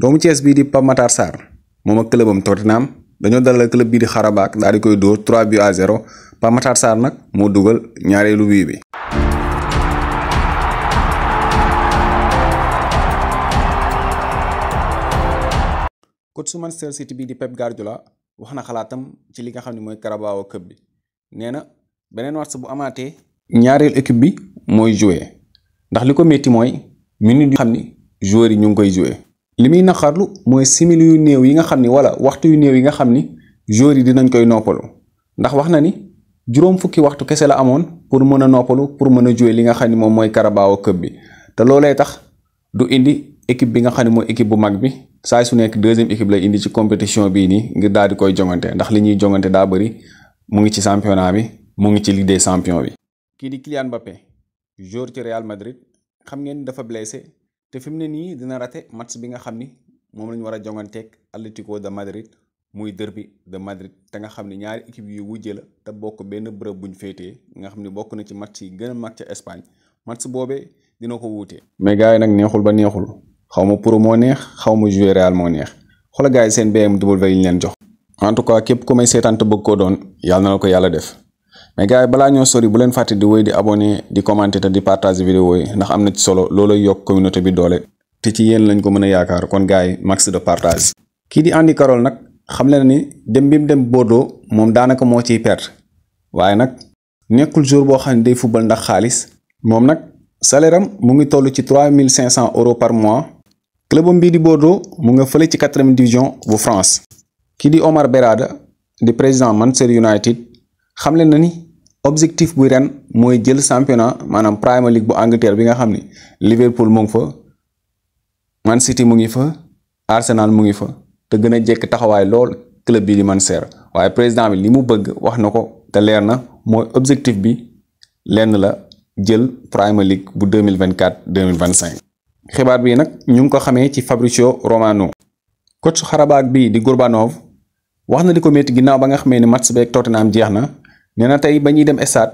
doomu Thiès bii di Pape Matar Sarr moom ak clubam Tottenham dañoo dalal club bii di Xarabaak daal di koy dóor 3 buts à 0 Pape Matar Sarr nag moo dugal ñaareelu wii bi. coach su Manchester City bii di Pep Guardiola wax na xalaatam ci li nga xam ne mooy Carabao Cup bi nee na beneen match bu amaatee ñaareelu équipe bi mooy jouer ndax li ko métti mooy minute yu xam ni joueurs yi ñu ngi koy jouer. li muy naqarlu mooy simili yu néew yi nga xam ni wala waxtu yu néew yi nga xam ni joueurs yi dinañ koy noppalu ndax wax na ni juróom fukki waxtu kese la amoon pour mën a noppalu pour mën a jouer li nga xam ni moom mooy Carabao këp bi te loolee tax du indi équipe bi nga xam ne mooy équipe bu mag bi saa su nekk deuxième équipe lay indi ci compétition bii nii ngir daal di koy jongante ndax li ñuy jongante daa bari mu ngi ci championnat bi mu ngi ci Ligue des bi. kii di Kylian Mbappé joueur ci Real Madrid xam ngeen dafa blessé te fi mu ne nii dina rate match bi nga xam ni moom lañu ñu war a jonganteeg Atlético de Madrid muy derbi de Madrid ta nga xam ni ñaari équipe yu wujje la te bokk benn bërëb buñ féetee nga xam ni bokk na ci match yi gën a mag ca Espagne match boobee dina ko wuutee mais gars yi nag neexul ba neexul xaw ma pour moo neex xaw ma joué Real moo neex xoola gaa yi seen BMW yi ñu leen jox en tout cas képp ku may seetaan te bëgg koo doon yàlla na la ko yàlla def mais gars bala ñoo sori bu leen di wéy di abonner di commenter di partager vidéo yi ndax amna ci solo lolo yok communauté bi doole té ci yeen lañ ko mëna yaakar kon gars yi max de partage ki di Andy Carroll nak. xam leen ni dem bim dem Bordeaux mom danaka mo ci perte waye nak nekul jour bo xamni day football ndax xaalis mom nak, salaire am mu ngi tollu ci 3500 euros par mois club bi di Bordeaux mu nga feulé ci 4e division bu France ki di Omar Berada di président Manchester United xam leen na ni objectif bu ren mooy jël championnat maanaam Premier League bu Angleterre bi nga xam ni Liverpool mu ngi fa Man City mu ngi fa Arsenal mu ngi fa te gën a jekk taxawaay lool club bi di man seer waaye président bi li mu bëgg wax na ko te leer na mooy objectif bi lenn la jël Premier League bu 2024 2025. xibaar bi nag ñu ngi ko xamee ci Fabrizio Romano. coach xarabaag bi di Gurbanov wax na di ko métti ginnaaw ba nga xamee ni match beeg Tottenham jeex na. nee na tey ba ñuy dem stade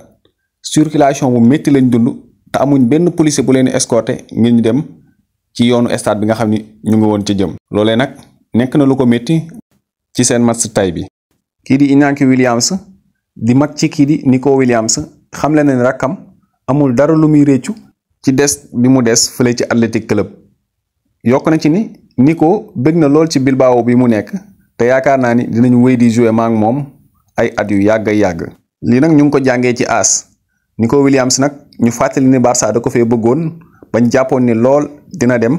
circulation bu métti lañ dund te amuñ benn policier bu leen escorté ngir ñu dem ci yoonu stade bi nga xam ni ñu ngi woon ci jëm. loolee nag nekk na lu ko métti ci seen match tay bi. kii di Iñaki Williams di mag ci kii di Nico Williams xamle na ne rakkam amul dara lu muy réccu ci des bi mu des fële ci Athletic Club yokk na ci ni Nico bëgg na lool ci Bilbao bi mu nekk te yaakaar naa ni dinañu wéy di jouer maak moom ay at yu yàgg yàgg. lii nag ñu ngi ko jàngee ci aas Nico Williams nag ñu fàttali ni barsa da ko fee bëggoon bañ jàppoon ni lool dina dem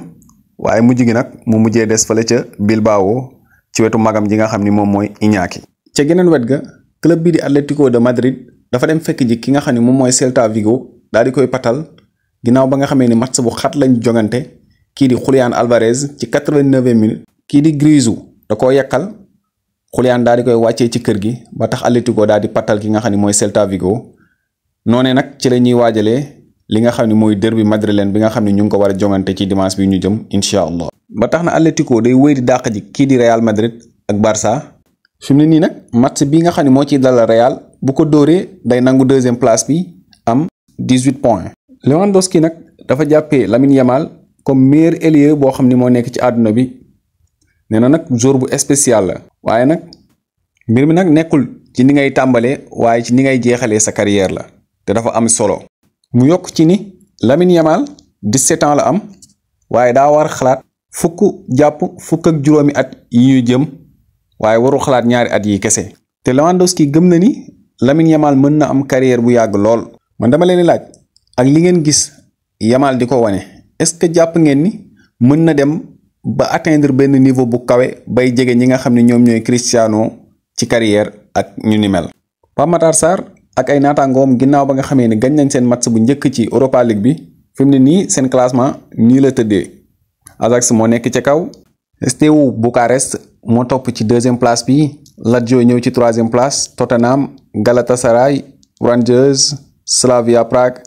waaye mujj gi nag mu mujjee des fale ca Bilbao ci wetu magam ji nga xam ni moom mooy Iñaki. ca geneen wet ga club bi di Atlético de Madrid dafa dem fekk ji ki nga xam ne moom mooy Celta Vigo daal di koy patal ginnaaw ba nga xamee ni match bu xat lañ jogante kii di Julián Alvarez ci quatre-vingt-neuvième kii di Grisou da koo yekkal Julian daal di koy wàccee ci kër gi ba tax Atlético daal di pattal ki nga xam ne mooy Celta Vigo noone nag ci la ñuy waajalee li nga xam ne mooy derby madrilène bi nga xam ne ñu ngi ko war a jongante ci dimanche bi ñu jëm incha allah. ba tax na Atlético day wéy di dàq ji kii di Real Madrid ak barsa fi ne nii nag match bi nga xam ne moo ciy dalal Real bu ko dóoree day nangu deuxième place bi am 18 points. Lewandowski nag dafa jàppee Lamine Yamal comme meilleur ailier boo xam ne moo nekk ci àdduna bi. nee na nag jour bu espécial la waaye nag mbir mi nag nekkul ci ni ngay tàmbalee waaye ci ni ngay jeexalee sa carrière la te dafa am solo mu yokk ci ni lamin Yamal di setan la am waaye daa war xalaat fukk jàpp fukk ak juróomi at yi ñu jëm waaye waru xalaat ñaari at yi kese te Lewandowski gëm na ni Lamine Yamal mën na am carrière bu yàgg lool man dama leen laaj ak li ngeen gis Yamal di ko wane est-ce que jàpp ngeen ni mën na dem ba atteindre benn niveau bu kawe bay jege ñi nga xam ne ñoom ñooy Cristiano ci carrière ak ñu ni mel. Pape Matar ak ay naataangoom ginnaaw ba nga xamee ne gañ nañ seen match bu njëkk ci Europa League bi fi mu ne nii seen classement nii la tëddee Ajax moo nekk ci kaw. Steaua Bucarest moo topp ci deuxième place bi Lazio ñëw ci troisième place Tottenham Galatasaray Rangers Slavia Prague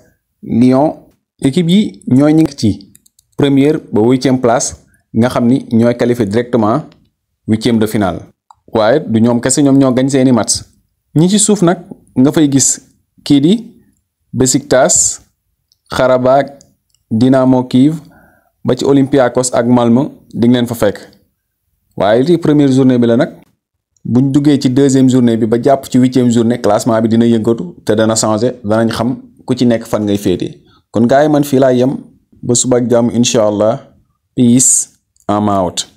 Lyon équipe yi ñoo ñu ngi ci premiere ba huitième place. nga xam ni ñooy qualifié directement huitième de finale waaye du ñoom kese ñoom ñoo gañ seeni match ñi ci suuf nag nga fay gis kii di Besiktas Karabakh Dynamo Kiev ba ci Olympiakos ak Malmö di nga leen fa fekk waaye li première journée bi la nag buñ duggee ci deuxième journée bi ba jàpp ci huitième journée classement bi dina yëngatu te dana changé danañ xam ku ci nekk fan ngay féete kon gars man fii laa yem ba suba jàmm incha allah peace I'm out.